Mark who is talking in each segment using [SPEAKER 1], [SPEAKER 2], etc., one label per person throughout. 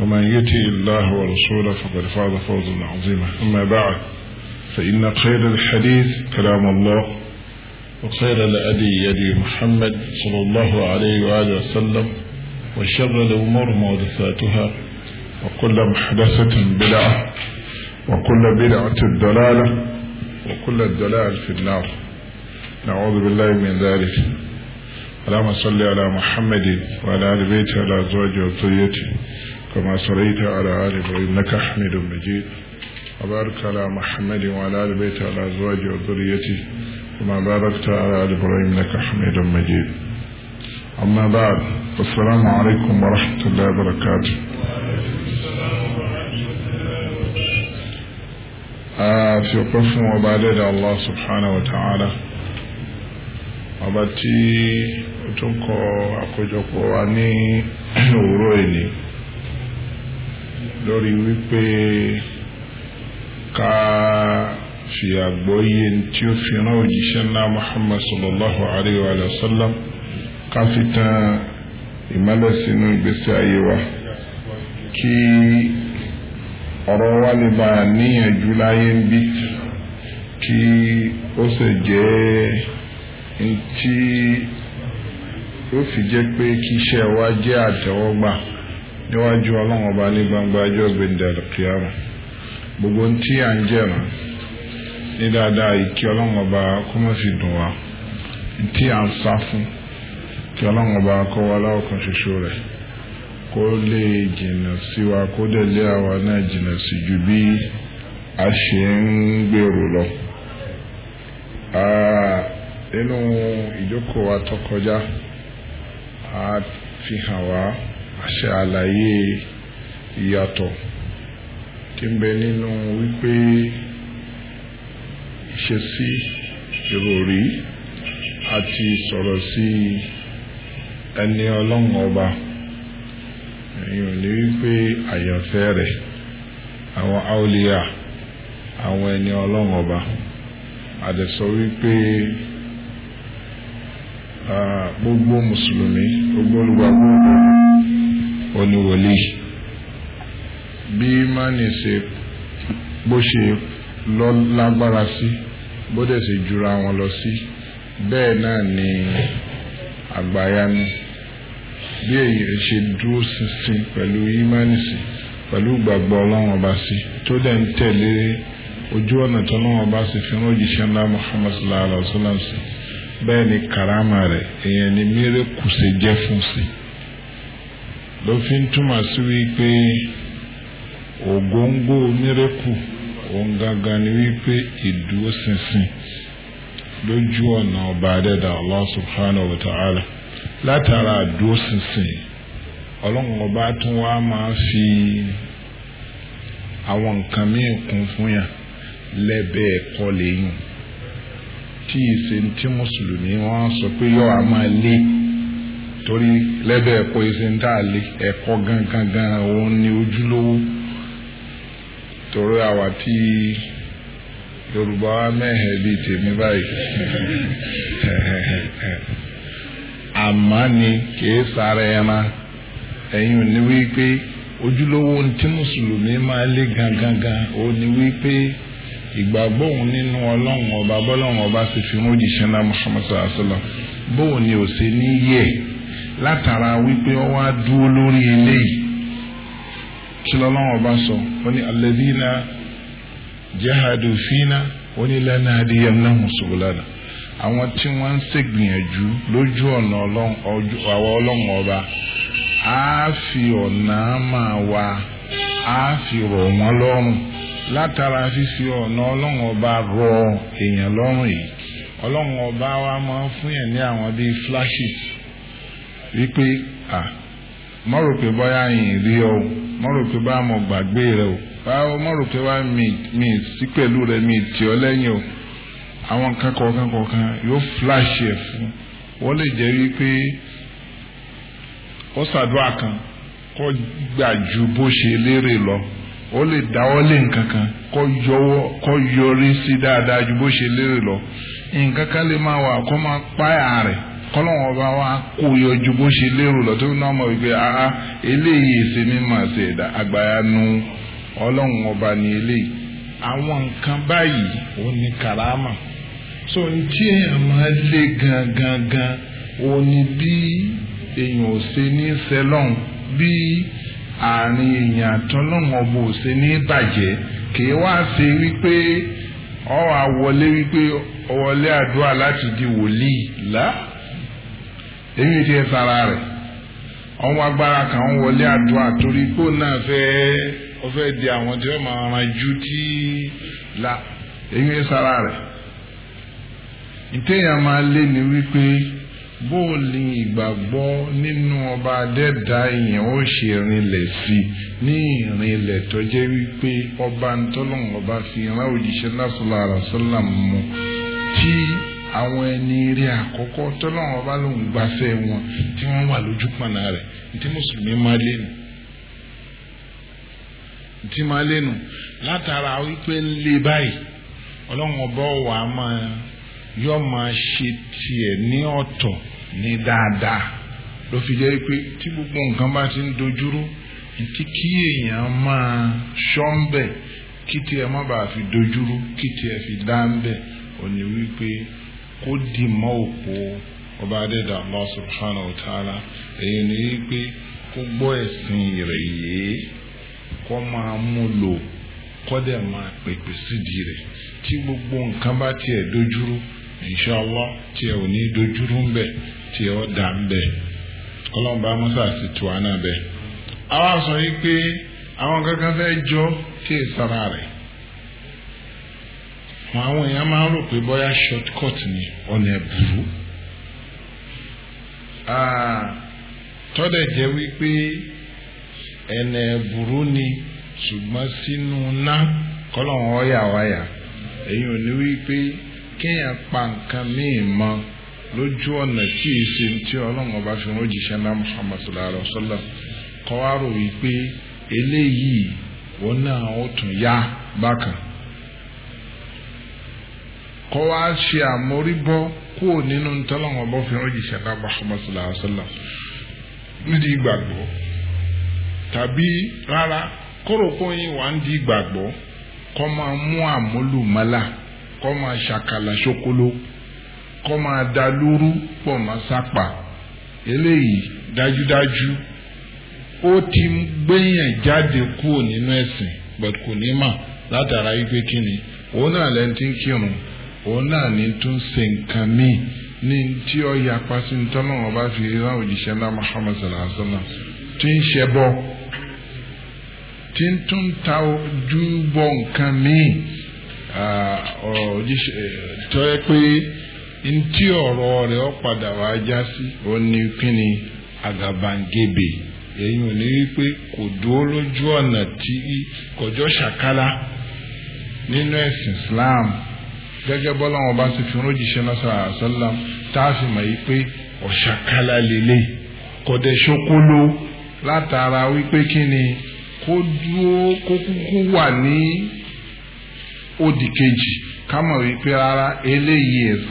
[SPEAKER 1] ومن يتي الله ورسوله فقد فاز فوزا عظيما أما بعد فإن خير الحديث كلام الله وخير الأدي يدي محمد صلى الله عليه وآله وسلم وشر الأمور محدثاتها وكل محدثة بدعة وكل بدعة ضلالة وكل الدلال في النار نعوذ بالله من ذلك اللهم صل على محمد وعلى آل بيته وعلى أزواجه وذريته كما صليت على آل إبراهيم إنك حميد مجيد وبارك على محمد وعلى آل بيته على أزواجه وذريته كما باركت على آل إبراهيم إنك حميد مجيد أما بعد فالسلام عليكم ورحمة الله وبركاته àfi ọpẹ́ fún ọba adẹ́dà allah subhanahu wa ta'ala ọba tí ó lórí wípé ká fi àgbọ́yé tí ó fi rán òjíṣẹ́ ńlá Muhammad sallallahu alayhi wa sallam ká fi tan ìmọ́lẹ̀ sínú ìgbésí ayé wa kí ọ̀rọ̀ wa lè bá níyànjú láyé ń bí kí ó sì jẹ́ tí ó fi jẹ́ pé kí wa jẹ́ àtẹ̀wọ́gbà. níwájú ọlọ́run ọba ní gbangba ẹjọ́ gbèndé àlùkìyàmù gbogbo ń tí à ń ní dáadáa ìkí ọlọ́run ọba dùn wa ń tí à ń sá fún kí ọlọ́run ọba kọ́ ṣoṣo rẹ̀ kó lè jìnnà sí wa kó dẹ̀ ṣe àlàyé ìyàtọ̀ tí ń bẹ nínú wípé ìṣesí ìròrí àti sọ̀rọ̀ sí ẹni ọlọ́run ọba èèyàn ní wípé àyànfẹ́ rẹ̀ àwọn áúlíà àwọn ẹni ọlọ́run ọba àdẹ̀sọ wípé gbogbo mùsùlùmí gbogbo olùgbàgbọ́ ọba oníwòlí bí mánì ṣe bó ṣe lọ lágbára sí bó dẹ̀ ṣe jura wọn lọ sí bẹ́ẹ̀ náà ni àgbáyanu bí èyí ṣe dúró ṣinṣin pẹ̀lú ìmánì sí pẹ̀lú ìgbàgbọ́ ọlọ́run ọba sí tó dẹ̀ ń tẹ̀lé ojú ọ̀nà tó lọ́wọ́ bá sì fi rán òjíṣẹ́ Muhammad sallallahu alaihi wa sallam sí bẹ́ẹ̀ ni karama rẹ̀ èèyàn ni mérèkù ṣe jẹ́ fún sí. Si ló fi ń túmọ̀ sí wípé ògóńgó mírẹ́kù òun gangan ni wípé ìdúróṣinṣin lójú ọ̀nà ọba adẹ́dà Allah subhanahu wa ta'ala látara àdúróṣinṣin ọlọ́run ọba tún wá máa fi àwọn nǹkan míì kún fún yàn lẹ́bẹ̀ẹ́ ẹ̀kọ́ lẹ́yìn tí ìsìn tí mùsùlùmí wọ́n sọ pé yọ àmọ́ lé. torí lẹ́dọ̀ ẹ̀kọ́ ẹsẹ̀ ẹ̀kọ́ gangan òun ni ojúlówó torí àwa tí yorùbá wa mẹ́hẹ̀ẹ́ bíi tèmi báyìí àmọ́ ni kìí sára ẹran ẹ̀yin ò ní wípé ojúlówó tí gangan ní wípé ìgbàgbọ́ òun nínú ọba bọ́lọ́run ọba sì fi jìṣẹ́ náà látara wípé ó wá dúró lórí eléyìí kí lọ́lọ́wọ́ bá sọ ó ní alladhina jahadu fina ó ní lanahdiyanahum subulana àwọn tí wọ́n ń ṣègbìyànjú lójú ọ̀nà àwa ọlọ́run ọba á fi ọ̀nà máa wá á fi rọ̀ wọ́n lọ́rùn látara fífi ọ̀nà ọlọ́run ọba rọ èèyàn lọ́rùn yìí ọlọ́run ọba wa máa ń fún yẹn ní àwọn bíi flashes wípé à mọ́ rò pé bọ́yá yìí rí ọ mọ́ rò pé bá mo gbàgbé rẹ o báwo mọ́ rò pé wá mi sí pẹ̀lú rẹ mi tì ọ lẹ́yìn o àwọn nǹkan kọ̀ọ̀kan yóò flash ẹ̀ fún wọ́n lè jẹ́ wípé ó ṣàdúrà kan kó gbà ju bó ṣe lọ ó lè dáwọ́ lé nǹkan kan kó yọrí sí dáadáa ju bó ṣe lọ nǹkan kan lè máa wà kó máa rẹ̀ kọ́lọ́wọ́n ọba wa kó yọjú bó ṣe lérò lọ tó náà mọ̀ wípé aha eléyìí ṣe ní màá ṣe ẹ̀dá àgbàyanu ọlọ́run ọba ni eléyìí àwọn nǹkan báyìí ó ní kàrámà so ní tí èèyàn máa lé gangan gan ó ní bí èèyàn ò ṣe ní sẹlọ́n bí àárín èèyàn àtọ́lọ́run ọba ò ṣe ní bàjẹ́ kì í wá ṣe wípé ọ wá wípé ọwọlé àdúrà láti di wòlíì là. La? èyí ti ẹ̀ tara rẹ̀ ọ̀hún agbára kan wọlé àdúrà torí pé náà fẹ́ di àwọn tí wọ́n máa ran ju la èyí ẹ̀ sara rẹ̀ ìtẹ̀yà máa lé ni wípé bóòlì ìgbàgbọ́ nínú ọba adẹ́dá èèyàn ó ṣe rinlẹ̀ sí i ní ìrìnlẹ̀ tó jẹ́ ọba ntọ́lọ́hún ọba fi ran òjíṣẹ́ lásìlọ́ àràsọ́là mu tí. àwọn ẹni eré àkọ́kọ́ tọ́lọ́wọ́n bá lòun gbafẹ́ wọn tí wọ́n wà lójú pọ̀nà rẹ̀ tí mùsùlùmí máa lénu tí máa lénu látara wípé ń lé báyìí ọlọ́run ọba ọ̀wà máa yọ máa ṣe tiẹ̀ ní ọ̀tọ̀ ní dáadáa ló fi jẹ́ pé tí gbogbo nǹkan bá ti ń dojúrú tí kí èèyàn máa ṣọ́ńbẹ̀ kí tiẹ̀ má bàa fi dojúrú kí tiẹ̀ fi dá ń wípé kó dì mọ́ òpó ọba adẹ́dà Allah subhanahu wa ta'ala èyí ni wípé kó gbọ́ ẹ̀sìn rẹ̀ yìí kó máa mú lò kó dẹ̀ máa pèpè sídìí rẹ̀ tí gbogbo nǹkan bá tiẹ̀ dojúrú inshallah tiẹ̀ ò ní dojúrú ń bẹ̀ tiẹ̀ ọ̀ dà ń bẹ̀ kọ́lọ́mbà mọ́sá sì tù á náà bẹ̀. àwa sọ yìí pé àwọn kankan fẹ́ jọ kí èsàrà rẹ̀ àwọn èèyàn máa ń rò pé bóyá short ni ọ̀nà ẹ̀bùrú tọ́dẹ̀ jẹ́ wípé ẹ̀nà ẹ̀bùrú ni ṣùgbọ́n sínú ná kọ́lọ́hún ọ̀yà wáyà èyí ò ní wípé kéèyàn pa nǹkan míì mọ́ lójú ọ̀nà tí èsì tí ọlọ́run ọba fi hàn jíṣẹ́ náà Muhammad sallallahu alayhi wa sallam kọ́ wá rò wípé eléyìí òun náà ó tún yá bákan kọ́ wá ṣe àmóríbọ́ kúrò nínú ntọ́lọ́wọ́n bọ́ fi rọ́jì ṣẹ̀dá Muhammad sallallahu alaihi wasallam nídìí ìgbàgbọ́ tàbí rárá kórópọ̀ yín wà ń di ìgbàgbọ́ kọ́ máa mú àmúlùmọ́là kọ́ máa ṣàkàlà ṣokolo kọ́ máa da lóru pọ̀ máa sápà eléyìí dájúdájú ó ti gbẹ̀yìn jáde kúrò nínú ẹ̀sìn but kò ní mà látara yí pé kí ni òun náà lẹ́ni tí ń kírun òun náà ní tó ń ṣe nǹkan ní tí ó yapa sí ntọ́nà ọba fi rán náà Muhammad sallallahu alaihi tí ń ṣe bọ́ tí ń tún ta ojú bọ́ nǹkan pé ntí ọ̀rọ̀ ní tí ṣàkálá nínú Islam. gẹ́gẹ́ bọ́lá wọn bá ti fi ránjíṣẹ́ náà sàrà sọ́lá tá a fi mọ̀ yìí pé ọ̀ṣàkálá lélẹ̀ kọ̀dẹ̀ ṣokolo látara wípé kí ni kó dúró kó kúkú wà ní òdì kejì ká mọ̀ wípé rárá eléyìí ẹ̀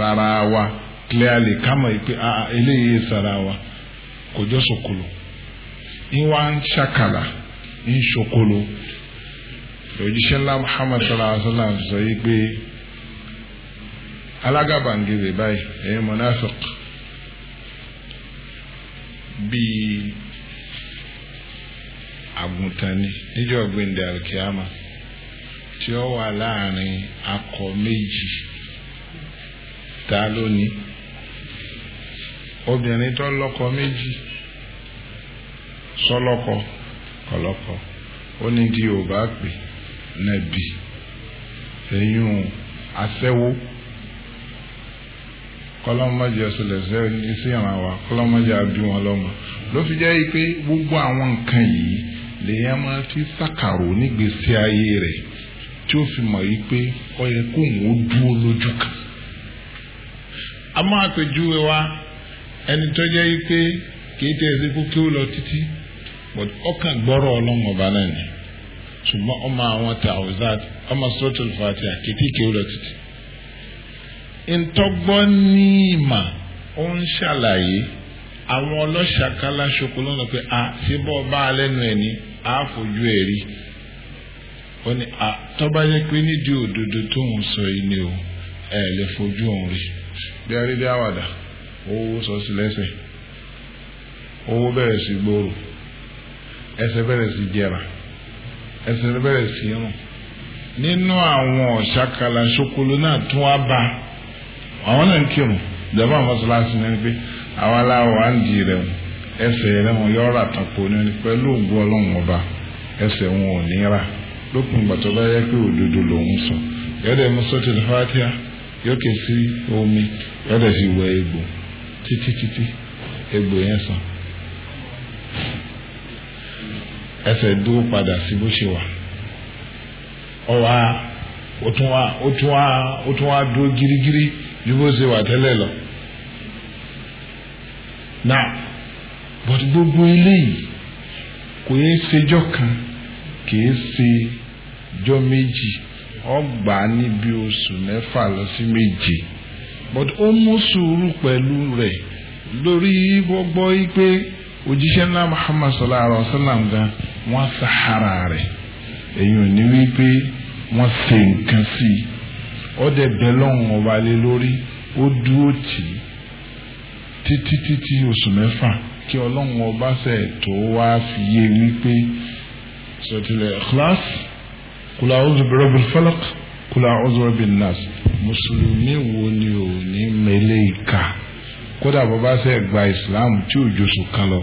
[SPEAKER 1] wa clearly ká mọ̀ wípé eléyìí ẹ̀ sára wa kò jọ ṣokolo ìwà ń ṣàkàlà ń ṣokolo òjíṣẹ́ ńlá Muhammad sallallahu alaihi sallam sọ yìí pé alágàbàǹgebè báyìí ẹ̀yin monafik bíi àgùntàn ni níjọ́ gbẹ̀ndẹ̀ alkiyama tí ó wà láàrin akọ méjì ta ló ní obìnrin tó lọ́kọ méjì sọlọ́kọ kọlọ́kọ ó ní di yorùbá pè nàbì ẹ̀yìn àṣẹ́wó. kọlọ́mọdé ọ̀sọ̀lẹ̀sẹ̀ sí ìran wa kọlọ́mọdé àbí wọn lọ́mọ ló fi jẹ́ pé gbogbo àwọn nǹkan yìí lèèyàn máa ti sàkàrò nígbèsí ayé rẹ̀ tí ó fi mọ̀ yí pé ó yẹ kó òun ó dúró a máa pèjúwe wa ẹni tó jẹ́ pé kìí tẹ̀ sí kó kí ó lọ títí ọkàn gbọ́rọ̀ náà ni ṣùgbọ́n ọmọ àwọn tàwùzá ọmọ ntọ́gbọ́n ní ìmà ó ń ṣàlàyé àwọn ọlọ́ṣàkálá ṣoko lọ́nà pé a ṣe bọ́ ọba alẹ́nu ẹ̀ ní àáfojú ẹ̀ rí ó ní a tọ́ba yẹ pé nídìí òdodo tó ń sọ yìí ni o ẹ̀ lè fojú òun rí bí a rí bí àwàdà owó sọ sí lẹ́sẹ̀ owó bẹ̀rẹ̀ sí gbòòrò ẹsẹ̀ bẹ̀rẹ̀ sí jẹrà ẹsẹ̀ bẹ̀rẹ̀ sí rùn nínú àwọn ọ̀ṣàkálá ṣokolo náà tún wá bá a. àwọn náà ń kírun ìjọba àmọ́sọ́láṣí ní pé àwọn aláwọ̀ á ń di rẹ̀ ẹsẹ̀ rẹ̀ wọn yọ ọ́rà tàpó ní ẹni pẹ̀lú ògùn ọlọ́run ọba ẹsẹ̀ wọn ò ní rà lópin bá yẹ pé òdodo lòún sọ yọ̀dẹ̀ mọ́sọ́tì fàtíà sí omi yọ̀dẹ̀ fi wẹ egbò títí títí egbò yẹn sàn ẹsẹ̀ dúró padà sí bó ṣe wà ọ̀wá ó tún ju bó ṣe wà tẹ́lẹ̀ lọ. now but gbogbo eléyìí kò yẹ ṣèjọ́ kan kì í ṣe jọ́ méjì ọgbà níbi oṣù mẹ́fà lọ sí méje but ó mú sùúrù pẹ̀lú rẹ̀ lórí gbogbo pé òjíṣẹ́ ńlá Muhammad sallallahu alaihi wa sallam gan wọ́n sahara rẹ̀ èyí ò ní wípé wọ́n ṣe ó dẹ̀ bẹ́ lọ́hùn ọba lé lórí ó dúró tì í títí títí oṣù mẹ́fà kí ọlọ́run ọba ṣe tó wá fi yé wípé sọtìlẹ̀ ikhlas kula ọ̀zọ̀ bi falak kula ọ̀zọ̀ bin nas mùsùlùmí wo ni ò ní mẹ́lẹ́ ìka kódà bàbá ṣe gba ìsìláàmù tí òjò sùn kan lọ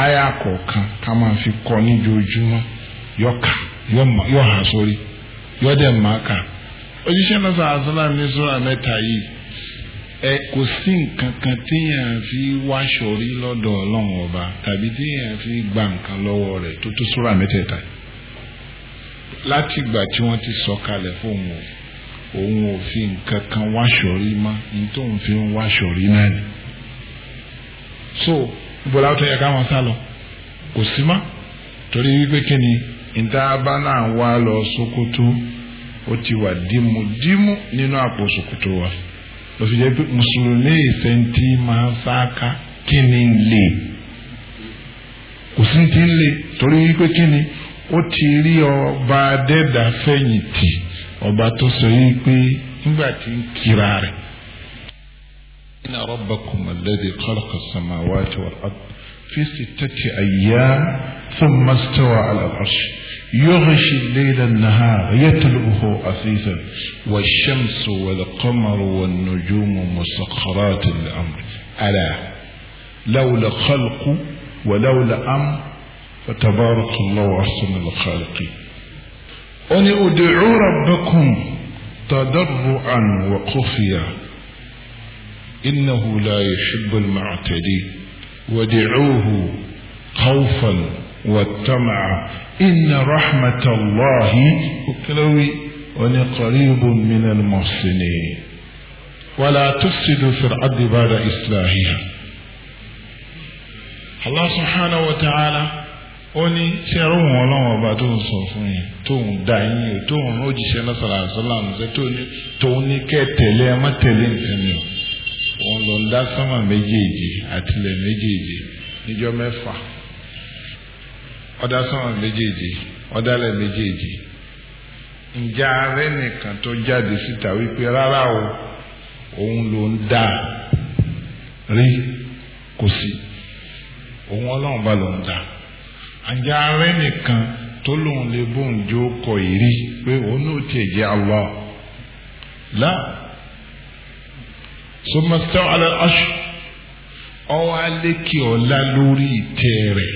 [SPEAKER 1] aya kọ̀ọ̀kan ká máa fi kọ́ níjoojúmọ́ yọ̀ọ̀ka yọ̀ọ̀hà sórí. wẹ́dẹ̀ màkà òjíṣẹ́ náà sàásálàm ní sọ́ra mẹ́ta yìí ẹ kò sí nǹkan kan téèyàn fi wáṣọ rí lọ́dọ̀ ọlọ́run ọba tàbí téèyàn fi gba nǹkan lọ́wọ́ rẹ̀ tó tó sọ́ra mẹ́tẹ̀ẹ̀ta láti ìgbà tí ti sọ kalẹ̀ fóun o òun ò fi nǹkan kan fi wáṣọ rí so tó yẹ sá lọ kò torí wípé kí ni níta bá náà wá lọ Sokoto ó ti wà dímúdímú nínú àpò Sokoto wa lọ sí jẹ́ pé mùsùlùmí ìfẹ́ntì máa ń sáká kí ni ń lè kò sí ti ń lè torí wípé kí ni ó ti rí ọba adẹ́dà fẹ̀yìntì ọba tó sọ yìí pé nígbà tí ń kira rẹ̀. inna rabbakum alladhi khalaqa as-samawati wal fi sittati ayyam thumma istawa ala al يغشي الليل النهار يتلؤه عفيفا والشمس والقمر والنجوم مسخرات الأمر ألا لولا خلق ولولا أمر فتبارك الله أحسن الخالقين أن ادعوا ربكم تضرعا وخفيا إنه لا يحب المعتدين ودعوه خوفا والتمع inna rahmatallahi okelewi oni qaribun minal muhsinin wala tufsidu fil ardi ba'da islahiha allah subhanahu wa ta'ala oni ṣe ẹrú wọn ọlọ́wọ́n ọba tó ń sọ fún yín tóun dá yín o tóun òjíṣẹ́ náà sọ̀rọ̀ àṣọláàmù ṣe tóun ní kẹ́ tẹ̀lé ẹ má tẹ̀lé nǹkan mi o òun ló ń dá sánmà méjèèjì àtìlẹ̀ méjèèjì níjọ́ mẹ́fà ọ̀dà sọ́mọ̀ méjèèjì ọ̀dàlẹ̀ méjèèjì ǹjẹ́ ààrẹ nìkan tó jáde síta wípé rárá o òun ló ń dà rí kò sí òun ọlọ́run bá ló ń dà ǹjẹ́ ààrẹ nìkan tó lóun lè bóun jó kọ ìrí pé òun náà tiẹ̀ jẹ́ Allah la sọmọsítọ́ alẹ́ ọṣù ọwọ́ alẹ́ kí ọ̀la lórí ìtẹ́ rẹ̀.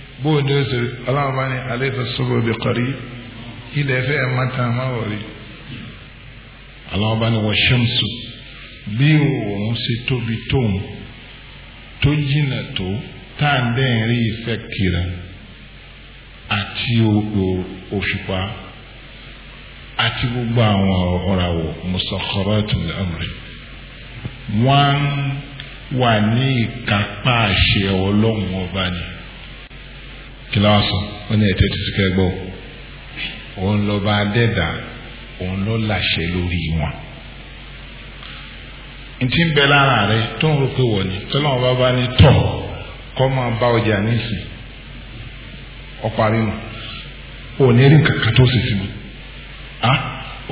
[SPEAKER 1] bó o ní o sèré ọlọ́run bá ní alaysa sububi qarib ilẹ̀ ẹ̀fẹ́ ẹ̀ má tàn má wọ̀rí ọlọ́run bá ní wa shamsu bí òun ṣe tóbi tóun tó jìnnà tó tá à ń dẹ́yìn rí ìfẹ́ kiri àti òṣùpá àti gbogbo àwọn ọ̀ràwọ̀ musakharatun li amri wọ́n wà ní ìkápá àṣẹ ọlọ́run ọba ni kíláàsì ó ní ètò títí kẹgbọ́ òun ló bá dẹ́dà òun ló làṣẹ lórí wọn. ntí ń bẹ lára rẹ tó ń rò pé wọ̀ ni tọ́lọ́wọ́n bá bá ní tọ̀ kọ́ máa bá ọjà nísìn ọparí nù ò ní rí nǹkan kan tó sì sí mi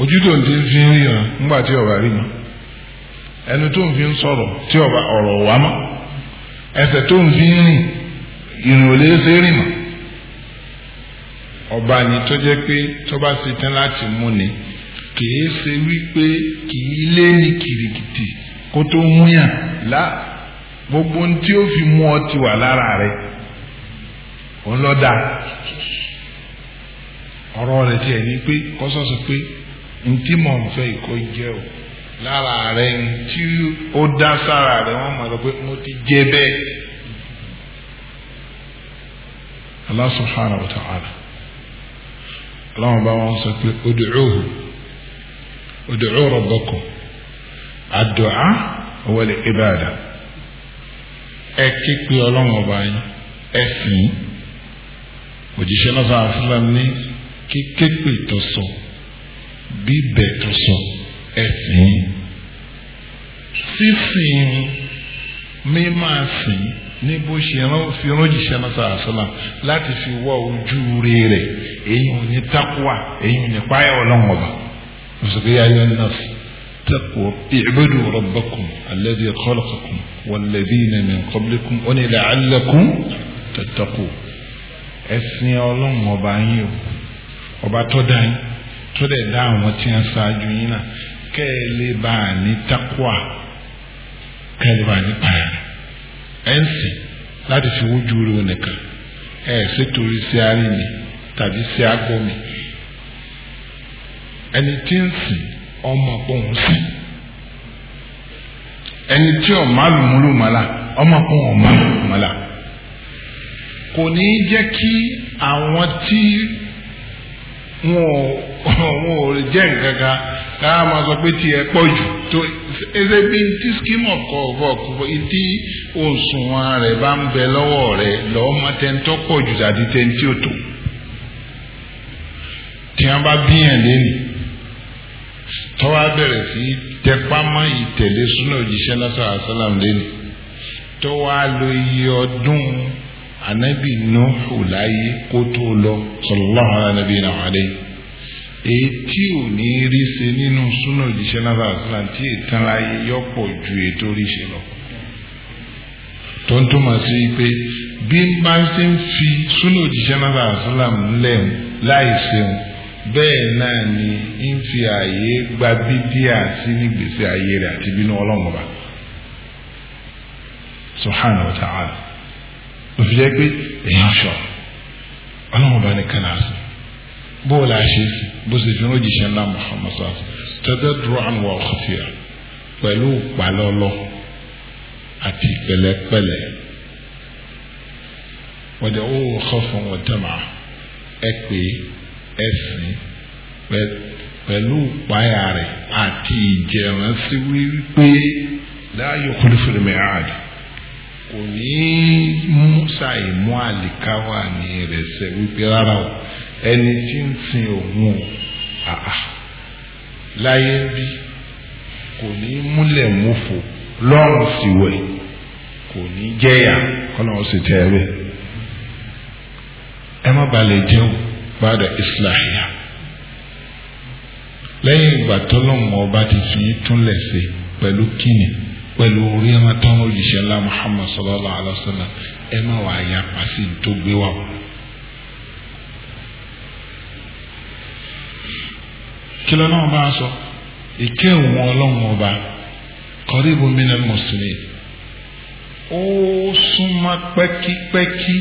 [SPEAKER 1] ojú tó ń fi ń ríran nígbà tí ọba rí mi ẹnu tó ń fi ń tí ọba ọ̀rọ̀ wá mọ́ ẹsẹ̀ tó ń fi rìn ìrìn ò lè ṣe rìn mọ́ ọba ni tó jẹ́ pé tó bá ṣe tán láti mú ni kìí ṣe wípé kìí lé ní kìrìkìtì kó tó múyàn lá gbogbo ohun tí ó fi mú ọ ti wà lára rẹ̀ ọlọ́dà ọ̀rọ̀ rẹ̀ tiẹ̀ ní pé kọ́sọ́sọ pé ntí mọ̀ ń fẹ́ ìkọ́ jẹ́ o lára rẹ̀ tí ó dá sára rẹ̀ wọ́n mọ̀ pé mo ti jẹ bẹ́ẹ̀. Allah subhanahu wa ta'ala ọlọ́run bá wọn sọ pé ud'uhu ud'u rabbakum àdùá wal ìbàdà ẹ ké pé ọlọ́run ọba yín ẹ sìn òjíṣẹ́ náà sáà fúlàm ní kíké pé bíbẹ̀ tó ẹ sìn sísìn mímá sìn ní bó ṣe rán fi ránjíṣẹ́ náà sàlá láti fi wọ ojú rẹ̀ rẹ̀ èyí ò ní takuwa èyí ò ní páyà ọlọ́run ọba mùsùlùmí ayé nọ́ọ̀sì tẹ́kù ìbúdù rọ̀bẹ́kùn alẹ́dí kọ́lọ́kùn wọ̀lẹ́dí nẹ̀mí kọ́bílẹ́kùn ó ní ilẹ̀ alẹ́kùn tẹ̀tẹ̀kù ẹ̀sìn ọlọ́run ọba yín o ọba tó dá yín tó dẹ̀ dá àwọn tí wọ́n ṣáájú yín náà kẹ́ẹ̀ bá ní takuwa kẹ́ẹ̀ bá ní ẹ̀ ń sìn láti fi wójú rí wọn nìkan ẹ̀ ṣètòrí sí àárín mi tàbí sí àgọ́ mi ẹni tí ń sìn ọmọ pọ̀hún sìn ẹni tí ọ̀ máa lùmúlò ọmọ pọ̀hún máa lùmúlò mọ́lá kò ní í jẹ́ kí àwọn tí wọn ò jẹ́ nǹkan kan ká máa sọ pé tiẹ̀ pọ̀ jù tó ẹsẹ̀ bí tí scheme of work tí òṣùwọ̀n rẹ̀ bá ń bẹ lọ́wọ́ rẹ̀ lọ́ọ́ máa tẹ́ ń tọ́ pọ̀ jù àti tẹ́ ń tí ò tó tí wọ́n bá bíyàn lẹ́nu tọ́wọ́ bẹ̀rẹ̀ sí tẹpámọ́ ìtẹ̀lé súná òjíṣẹ́ lásán àṣálàm lẹ́nu tọ́wọ́ lo iye ọdún ànábì Nuhu láyé kó tó lọ sallallahu alaihi èyí tí ò ní rí ṣe nínú súnà òjíṣẹ́ náà sàlám tí ìtàn láyé yọ̀pọ̀ ju ètò oríṣi lọ tó ń túmọ̀ sí pé bí n bá ṣe ń fi súnà òjíṣẹ́ náà sàlám lẹ́hùn láì ṣeun bẹ́ẹ̀ náà ni ń fi ààyè gba bídíà sí nígbèsè ààyè rẹ̀ àti bínú ọlọ́run ọba subhanahu wa ta'ala òfin jẹ́ pé èèyàn ṣọ ọlọ́run ọba nìkan náà sùn bóòlù àṣeéṣe bó ṣe fi hàn jíṣẹ́ ńlá Muhammad sars tẹ́tẹ́ dúró àwọn ọ̀kọ̀fìà pẹ̀lú ìpalọ́lọ́ àti pẹ̀lẹ́pẹ̀lẹ́ wọ́n jẹ́ owó kọ́fún wọn tẹ́mà ẹ pé ẹ sìn pẹ̀lú ìpayà rẹ̀ àti ìjẹ̀ránsí wípé láàyò kúlífúri mẹ́àdì kò ní mú ṣàìmú àlìkáwà ní rẹ̀ sẹ́ wípé rárá o. ẹni tí ń sin òun o àà láyé ń bí kò ní múlẹ̀ múfò lọ́rùn wẹ̀ kò ní jẹ́yà kọ́nà ó sì ẹ má balẹ̀ islahiya lẹ́yìn ìgbà tọ́lọ́mù ọba ti fi túnlẹ̀ sí pẹ̀lú kíni pẹ̀lú orí ẹ̀ máa tán Muhammad sallallahu alayhi wa kílọ̀ náà bá sọ ìkẹ́ òun ọlọ́run ọba kọ́ríbù mìíràn mùsùlùmí ó súnmọ́ pẹ́kípẹ́kí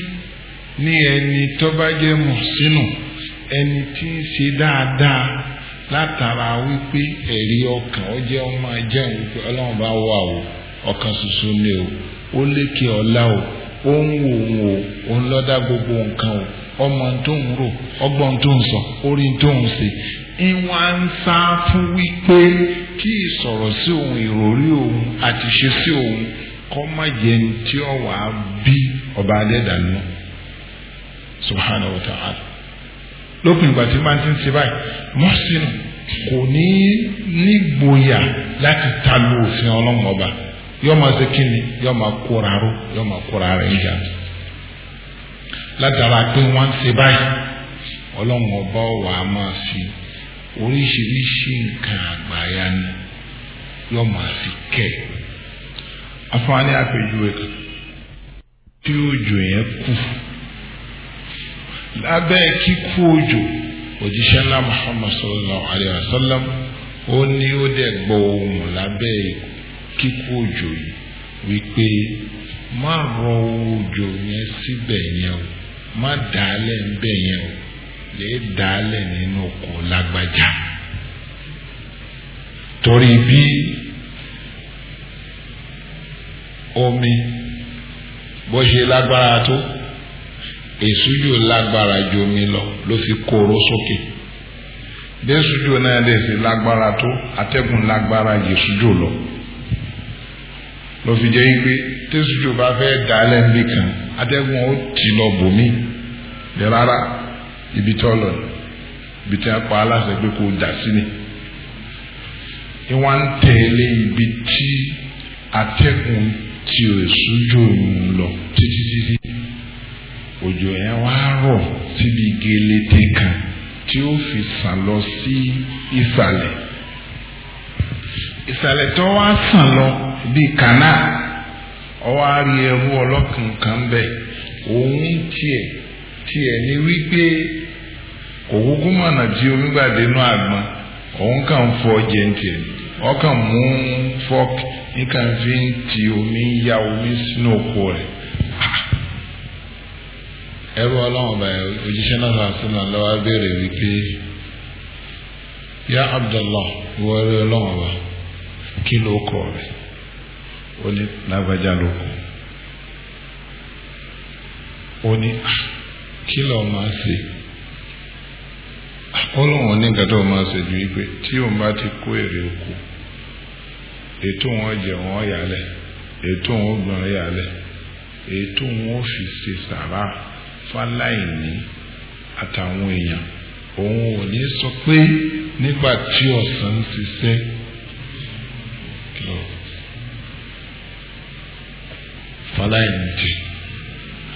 [SPEAKER 1] ní ẹni tó bá jẹ́ mùsùlùmí ẹni tí ń ṣe dáadáa látara wípé ẹ̀rí ọkàn ó jẹ́ ọmọ jẹun wípé ọlọ́run bá wà o ọkàn ṣoṣo ni o ó lékè ọ̀la o ó ń wò ó o lọ́dá gbogbo nǹkan o ọmọ tó ń rò ọgbọ́n tó ń sọ orí tó ń ṣe ìwà ń sá fún wípé kí ìsọ̀rọ̀ sí ohun ìròrí òun àti ṣe sí kọ́ má yẹ tí wà á bí ọba adẹ́dàánú subhanahu wa ta'ala lópin ìgbà tí máa ti ń ṣe báyìí mọ́sínù kò ní nígboyà láti ta lu òfin ọba yóò máa ṣe kí ni yóò máa ró yóò máa oríṣiríṣi nǹkan àgbáyá ni yóò máa fi kẹ́ ẹ̀. afáàní àpèjúwe kan tí òjò yẹn kù lábẹ́ kíkú òjò òjíṣẹ́ ńlá muhammad sallallahu alayhi wa sallam ó ní ó dẹ̀ gbọ́ ohùn lábẹ́ kíkú òjò yìí wípé má rọ òjò yẹn síbẹ̀ yẹn o má dàálẹ̀ ń bẹ̀ yẹn o lè dálẹ̀ nínú oko lágbájá torí bí omi bó ṣe lágbára tó èsújò lágbára ju omi lọ ló fi kóró sókè bí èsújò náà lè ṣe lágbára tó atẹ́gùn lágbára ju èsújò lọ ló fi jẹ́ pé tẹ́sújò bá fẹ́ dálẹ̀ nbí atẹ́gùn ó ti lọ bòmí rárá ibi tí ọlọ ibi tí a aláṣẹ pé kò dà sí ni ìwà ń tẹ̀lé ibi tí atẹ́kùn tí o sójú òun lọ títí títí òjò yẹn wá rọ̀ síbi gẹlẹ́tẹ̀ kan tí ó fi sàn lọ sí ìsàlẹ̀ ìsàlẹ̀ tó wá sàn lọ bí kànáà ọwọ́ á ẹrú ọlọ́kùnkan bẹ́ẹ̀ òun tiẹ̀ tiẹ̀ ní wípé. ogwugwu ma na ji omigba dị nụ agba ọnka mfọ je ntị ọka mmụ fọ ịka mfe ntị omi ya omi si n'okwu ọrị ebe ọla ọba ya ojiche na asị na lawa bere wipe ya abdalla wọrị ọla ọba kilo okọ ọrị onye na-agbaja n'okwu onye kilo si ọlọ́run oníkan tó máa ṣèjú wípé tí òun bá ti kó etu oko ètò wọn jẹ wọn yálẹ̀ ètò wọn gbọ́n yálẹ̀ ètò wọn fi sara falaini fáláìní èèyàn òun ò ní sọ pé nígbà tí ọ̀sán ń ṣiṣẹ́ falaini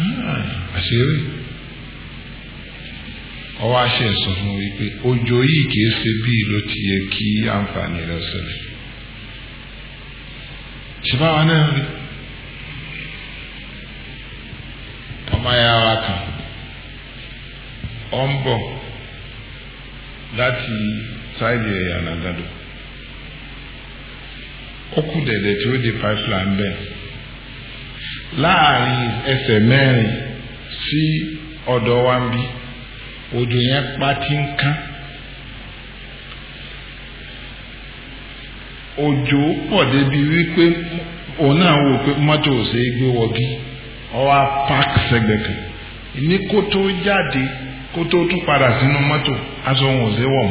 [SPEAKER 1] ah, àṣírí. ọwọ́ àṣẹ sọ fún mi wípé òjò yìí kìí ṣe bí ló ti yẹ kí àǹfààní rẹ ṣẹlẹ̀ ṣùgbọ́n àwọn náà rí ọmọ ya wa kan ọ ń bọ̀ láti sáìdì ẹ̀yà nàgàdo ó kù dẹ̀dẹ̀ tí ó di pipeline bẹ́ẹ̀ láàrin ẹsẹ̀ mẹ́rin sí ọ̀dọ̀ wa ń bí. òjò yẹn pa ti ń kán òjò pọ̀ débi wípé òun náà pé mọ́tò wọ park sẹ́gbẹ̀kan ní kó jáde tún padà sínú mọ́tò aṣọ òun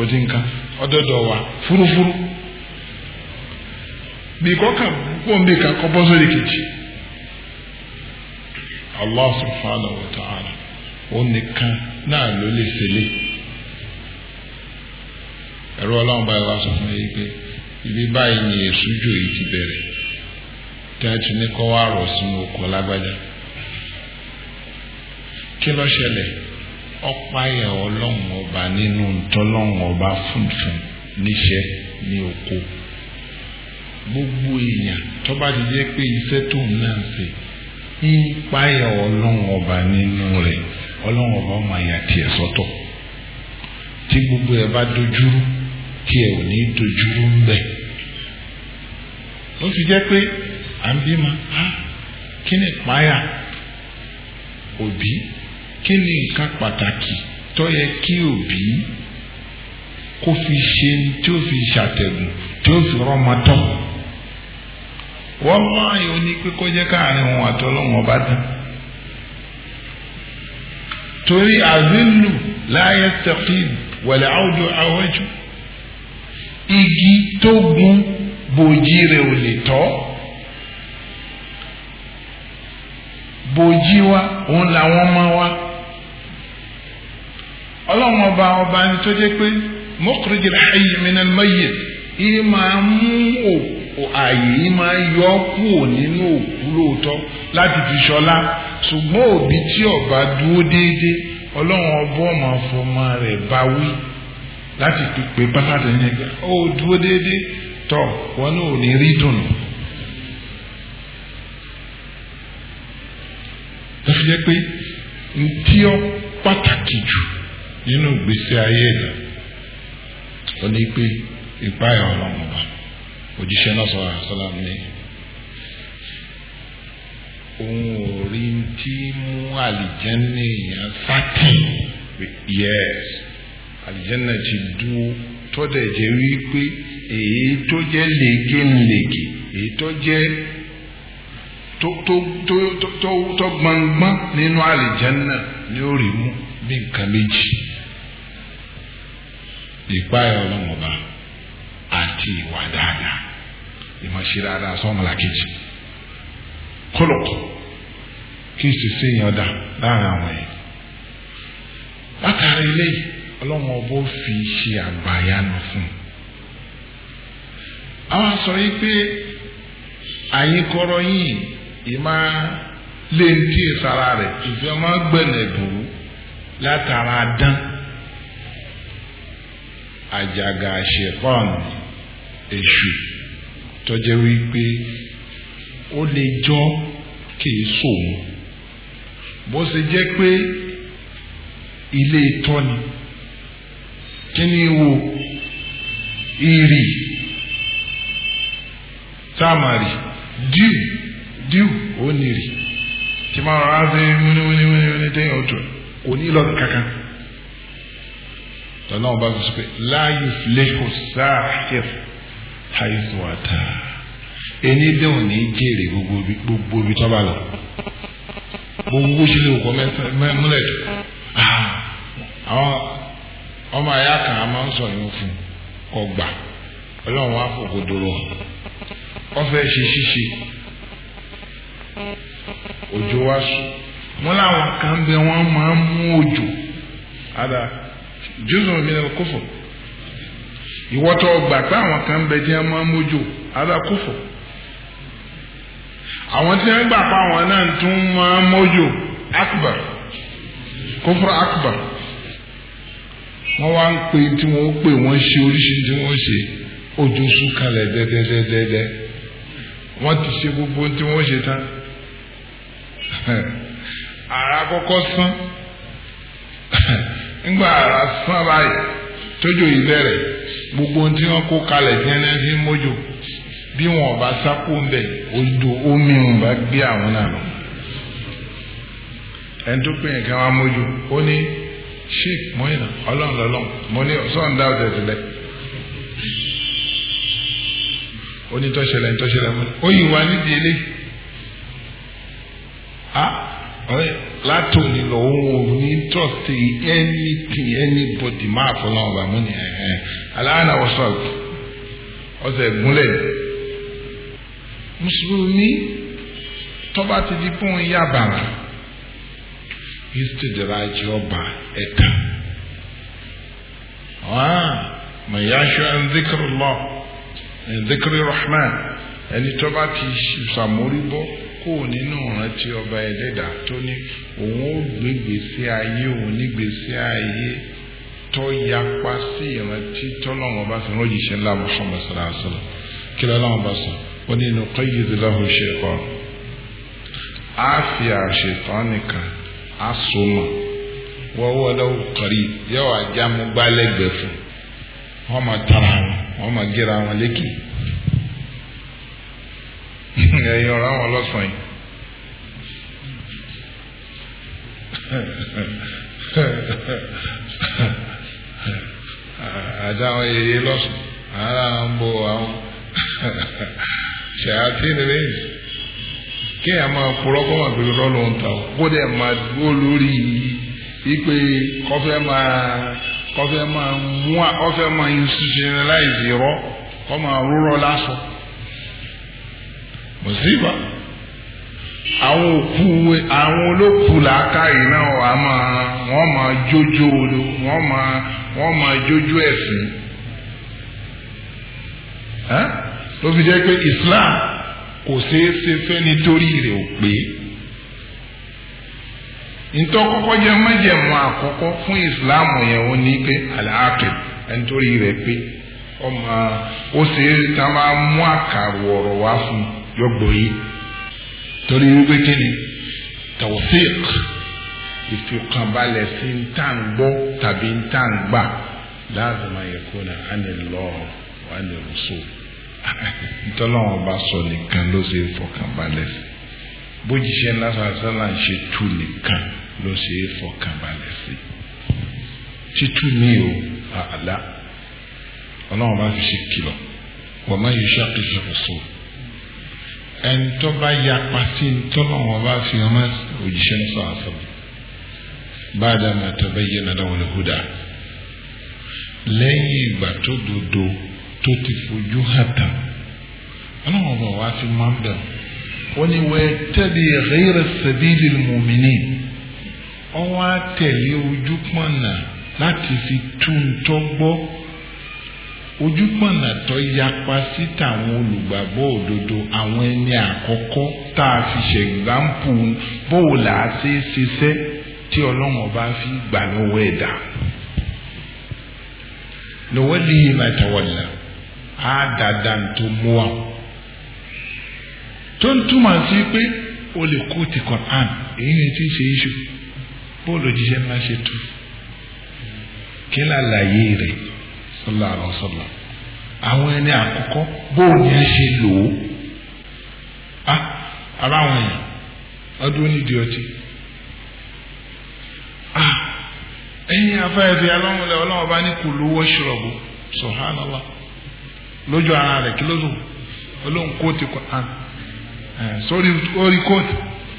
[SPEAKER 1] ò tó ọdọdọ wa fúrufúru bí ta'ala. ó nìkan náà ló lè ṣẹlẹ̀ báyìí wá sọ fún mi pé ibi báyìí ni èsújò yìí ti bẹrẹ tí a ti ní kọ́ wá rọ̀ sínú oko lágbájá kí ló ṣẹlẹ̀ ọba nínú ọba funfun níṣẹ́ ní oko gbogbo èèyàn tọba bá pé iṣẹ́ tó ń náà ṣe ọba nínú ọlọ́run ọba ọmọ àyà tiẹ̀ sọ́tọ̀ tí gbogbo ẹ bá dojúrú kí ẹ ò ní dojúrú ń bẹ̀. ó fi jẹ́ pé à ń bímọ á kí ni ìpáyà òbí kí ni nǹkan pàtàkì tó yẹ kí òbí kó fi ṣe tí ó fi ṣàtẹ̀gùn tí ó fi rọ́mọ tọ́ wọ́n máa yọ ní pé kó jẹ́ káàrin òun àtọ́lọ́wọ́n ọba dán torí àdínlù láyé tẹ̀kìm wẹ̀lẹ̀ àwùjọ àwẹ́jù igi tó gun bòjì rẹ̀ ò lè tọ́ bòjì wa òun làwọn ọmọ wa ọlọ́run ọba ọba ni tó jẹ́ pé mukhrijil hayy minal mayyit yìí máa mú òkú ààyè yìí máa yọ ọ́ kúò nínú òkú lóòótọ́ láti fi ṣọlá ṣùgbọ́n òbí tí ọba dúró déédéé ọlọ́run ọbọ̀ ọmọ fọmọ rẹ̀ bá wí láti pèpè bákàtà ní ẹgbẹ́ ó dúró déédéé tọ̀ wọn náà ò ní rí dùnú. ẹ fi jẹ́ pé ntí ọ pàtàkì jù nínú ìgbésí ayé ẹ̀dá ó ní pé ìpáyà ọlọ́run òjíṣẹ́ náà sọ̀rọ̀ àṣọlá mi òun ò rí tí mú àlìjẹ́nà èèyàn sákì yes àlìjẹ́nà ti dúró tọ́dẹ̀ jẹ́ wípé èyí tó jẹ́ lèkèlèkè èyí tó jẹ́ tó gbọngbọ́n nínú àlìjẹ́nà ni ó rí mú bí nǹkan méjì ìpáyà ọlọ́mọba àti ìwà dáadáa ìmọ̀ṣẹ́ dáadáa sọ́mọlá kejì kólọ̀kù kí ìṣesí yẹn ọ̀dà láàrin àwọn yẹn. látara eléyìí ọlọ́run ọba ó fi ṣe àgbàyanu fún un. àwọn sọ yìí pé àyínkọ́rọ́ yìí ìmá lé ní ìsara rẹ̀ ìfẹ́ máa gbẹ̀nẹ̀ dùrú látara dán àjàgà ṣèpọ̀nù èṣù tọ́jẹ́ wípé ó lè jọ kìí sòun bó ṣe jẹ́ pé ilé ìtọ́ni kíní wo ìrì táàmàrì díù díù ó nìrì tí máa rà á sí wíníwíníwíní tẹ́yìn ọ̀tún kò ní lọ́dún kankan tọ́lá ọba sọ pé láàyè fìlẹ́kù sáà kẹfù àìsàn àtàà. elédè ò ní jèrè gbogbo ibi tó gbogbo ṣe lè wọ A tó àwọn ọmọ ka kan a máa ń sọ yín fún ọgbà ọlọ́run wá fòkòdòrò ọ fẹ́ ṣe ṣíṣe òjò wá sùn wọn làwọn kan bẹ wọn máa ń mú ada jùzùn mi ní kófò ìwọ́tọ̀ ọgbà pé àwọn kan bẹ jẹ́ máa ń ada kófò. àwọn tí wọ́n gbà pa àwọn náà tún máa mọ́jò akbar kófúrà akbar wọ́n wá ń pe tí wọ́n pè wọ́n ṣe oríṣiríṣi tí wọ́n ṣe ojú sùn kalẹ̀ wọ́n ti ṣe gbogbo tí wọ́n ṣe tán ara sán ara sán báyìí gbogbo tí kó bí wọn ọba sákó ń bẹ odò omi ń bá gbé àwọn náà lọ ẹni tó pè é wọn mójú ó ní sheik mọ́yìnà ọlọ́run mo ní sọ́ọ̀n dá ọ̀sẹ̀ sílẹ̀ ó ní tọ́ṣẹlẹ̀ tọ́ṣẹlẹ̀ mọ́ ó yìí wá nídìí ilé látòní lọ òun ní trust anything anybody máa fọlọ́run bàmú ni ẹ̀hẹ́n aláàánà wọ́sọ̀ọ̀tì ọ̀sẹ̀ gúnlẹ̀ mùsùlùmí tọ́ba ti di pọ́n yàbàrà istidiraji ọba ẹ̀ka mayashu an zikirullah an zikiri rahman ẹni tọ́ba ti ṣàmórígbọ́ kó o nínú ìrántí ọba ẹlẹ́dà tó ní òun ó gbé gbèsè ayé òun ní gbèsè ayé tó yapa sí ìrántí tọ́lọ́wọ́n bá fi rán ńlá Muhammad sallallahu kí lọ́lọ́wọ́n bá ó ní inú kọ́yìdì lọ́hùn ṣètọ́ á fi àṣetọ́ nìkan á so mọ̀ wọ́wọ́ lọ́wọ́ kọ́rí yóò wá já mú gbálẹ́gbẹ̀ẹ́ fún wọ́n máa tara wọn wọ́n máa gíra wọn lékè ẹ̀yin ọ̀rọ̀ àwọn ọlọ́sàn yìí àtàwọn èrè lọ́sàn ara ń bo àwọn. ṣàyàtì nìyẹn kéèyàn máa ma kó máa bèrè lọ́nà òun tàn lórí ipe kọfẹ́ máa kọfẹ́ máa mú ọfẹ́ ma institutionalize ma kọ́ máa rúrọ́ lásán mùsíbà àwọn òkú àwọn olókù làákàyè náà wà ma wọ́n máa jójó wọ́n ma wọ́n ma jójó ló fi jẹ́ pé Islam kò ṣeé ṣe fẹ́ni torí rẹ̀ ò pé ntọ́ kọ́kọ́ jẹ́ májẹ̀mú àkọ́kọ́ fún Islam yẹn ó ní pé àlàáfíà ẹni torí rẹ̀ pé ọmọ ó ṣe é tá a máa mú àkàrò ọ̀rọ̀ wá fún yọgbọ yìí torí wípé kí ni tawfiq ìfìkànbalẹ̀ sí ń tà ń gbọ́ tàbí ń tà ń gbà láàzùmá yẹ kó na ánì lọ́ọ̀ wà ní rùsùlù ntọ́lọ́wọ́n bá sọ nìkan ló ṣe é fọkànbalẹ̀ sí bójìṣẹ́ lásàásálà ń ṣe tú nìkan ló ṣe é fọkànbalẹ̀ sí títú mi ò àlá ọlọ́wọ́n bá fi ṣe kìlọ̀ wọ́n má yẹ ṣáàkì ṣàkóso ẹ̀ńtọ́ bá yapa sí ntọ́lọ́wọ́n bá fi ọmọ òjìṣẹ́ lásàásálà báadà máa tọ́ bẹ́yẹ nàdá wọlé húdà lẹ́yìn ìgbà tó dodo tó ti fojú hàn tán ọlọ́run bọ̀ wá fi máa ń bẹ̀ wọ́n ní wẹ́ẹ́ tẹ́bi ghayra sabilil mu'minin ọwọ́ àtẹ̀lé ojú pọ̀nà láti fi tún tọ́ gbọ́ ojú pọ̀nà tó yapa sí tàwọn olùgbàgbọ́ òdodo àwọn ẹni àkọ́kọ́ tá a fi ṣègbàmpù bóòlà ṣe é ṣiṣẹ́ tí ọlọ́run ọba fi gbà lọ́wọ́ ẹ̀dá lọ́wọ́ lè yé máa tọwọ́ nìyà á dada tó mú wa tó ń túmọ̀ sí pé o lè kó ti Quran èyí ni tí ṣe iṣu bóòlù jíṣẹ́ ńlá ṣe tu kí lálàyé rẹ̀ sọlá àlọ́sọlá àwọn ẹni àkọ́kọ́ bóòlù yẹn ṣe lò ó a àbáwọn èèyàn ọdún onídìí ọtí a ẹ̀yin afáyẹ̀fẹ́ aláwọn ọlọ́wọ́ bá ní kò lówó ṣọ̀rọ̀ sọ̀hánàlá. So, lójú ara rẹ̀ kí ló lò olóhùn kóòtù Quran sórí orí kóòtù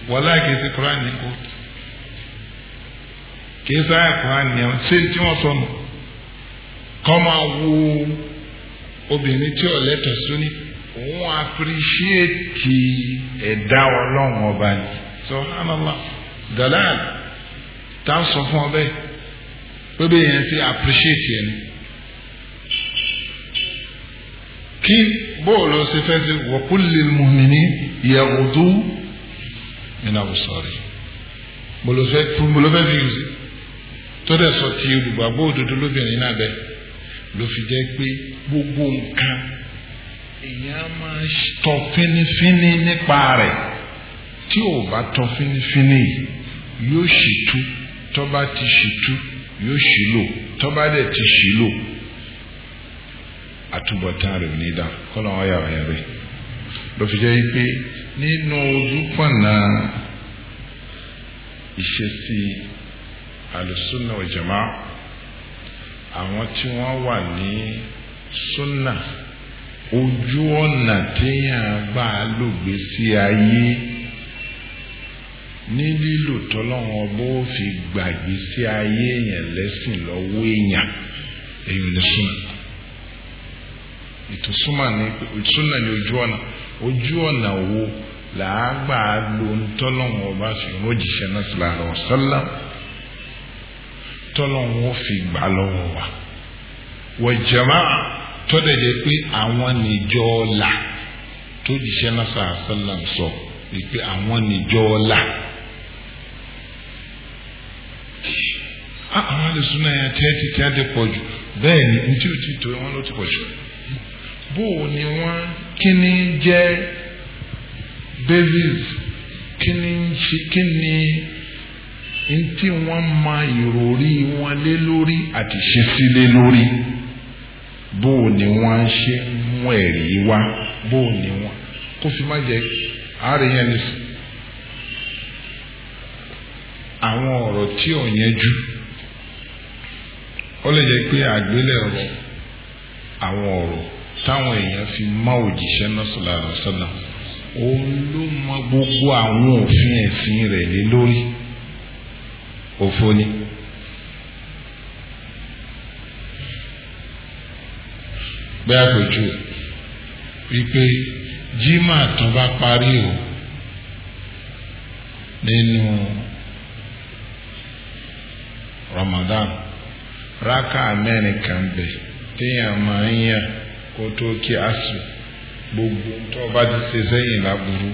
[SPEAKER 1] wọlé kèsì Quran ní kóòtù kèsì ayé Quran ní ẹ̀wọ̀n ṣé tí wọ́n sọnù kọ́ máa wo obìnrin tí ọ̀lẹ́tọ̀ sóní òun apírísíètì ẹ̀dá ọlọ́run ọba yìí subhanallah dalal tá a sọ fún ọ bẹ́ẹ̀ pé bẹ́ẹ̀ yẹn ti apírísíètì ẹni. kí bóòlù ṣe fẹ́ sí wọ́kúlì mùmíní yẹ̀wùdú nínú sọ̀rí bólúfẹ́ fi yù sí tó dẹ̀ sọ ti olùgbàgbọ́ òdodo lóbìnrin náà bẹ́ẹ̀ ló fi jẹ́ pé gbogbo nǹkan èèyàn máa tọ fínífíní nípa rẹ̀ tí ò bá tọ fínífíní yìí yóò ṣètú tó bá ti ṣètú yóò ṣìlò tó bá dẹ̀ ti ṣìlò àtúbọ̀tán rẹ̀ ní dá kọ́lọ́ wọn yàrá yàrá ló fi jẹ́ pé nínú ojúpọ̀nà ìṣesí àlùsúnà òjàmá àwọn tí wọ́n wà ní súnà ojú ọ̀nà téèyàn bá lògbé sí ayé ní lílò tọ́lọ́wọ́n bó fi gbàgbé sí ayé èèyàn lẹ́sìn lọ́wọ́ èèyàn èèyàn ní súnà ìtòsúnmà ní ìtòsúnà ní ojú ọ̀nà ojú ọ̀nà wo làágbà lo tọ́lọ́hún ọba sí ìrọ́jìṣẹ́ náà sí lára ọ̀sánlá tọ́lọ́hún ó fi gbà lọ́wọ́ wa wọ̀jẹ̀má tọ́lẹ̀ jẹ́ pé àwọn níjọ́ ọ̀la tó jìṣẹ́ náà sí àṣálà ń sọ pé àwọn níjọ́ ọ̀la. Ah, àwọn àlùsùn náà yẹn tẹ́tí tẹ́tí pọ̀ jù bẹ́ẹ̀ ni ntí ò ti tó wọn ló ti pọ̀ jù bó ni wọ́n kí ni jẹ́ basis kí ni ṣe kí ni ntí wọ́n ma ìròrí wọn lé lórí àti ṣesí lé lórí bó ni wọ́n ṣe ń mú ẹ̀rí wá bó ni wọ́n kó fi má jẹ́ àárẹ̀ yẹn ni sùn àwọn ọ̀rọ̀ tí ò yẹjú ó lè jẹ́ pé àgbélẹ̀rọ àwọn ọ̀rọ̀ táwọn èèyàn fi má òjíṣẹ́ náà sọ̀rọ̀ àlọ́sọ̀nà òun ló mọ gbogbo àwọn òfin ẹ̀sìn rẹ̀ lé lórí òfo ni. bẹ́ẹ̀ àpèjú wípé jimá tó bá parí o nínú Ramadan rákà mẹ́rin kan bẹ̀ téèyàn máa ń yàn. kó tó kí asù gbogbo tó bá ti ṣe sẹ́yìn láburú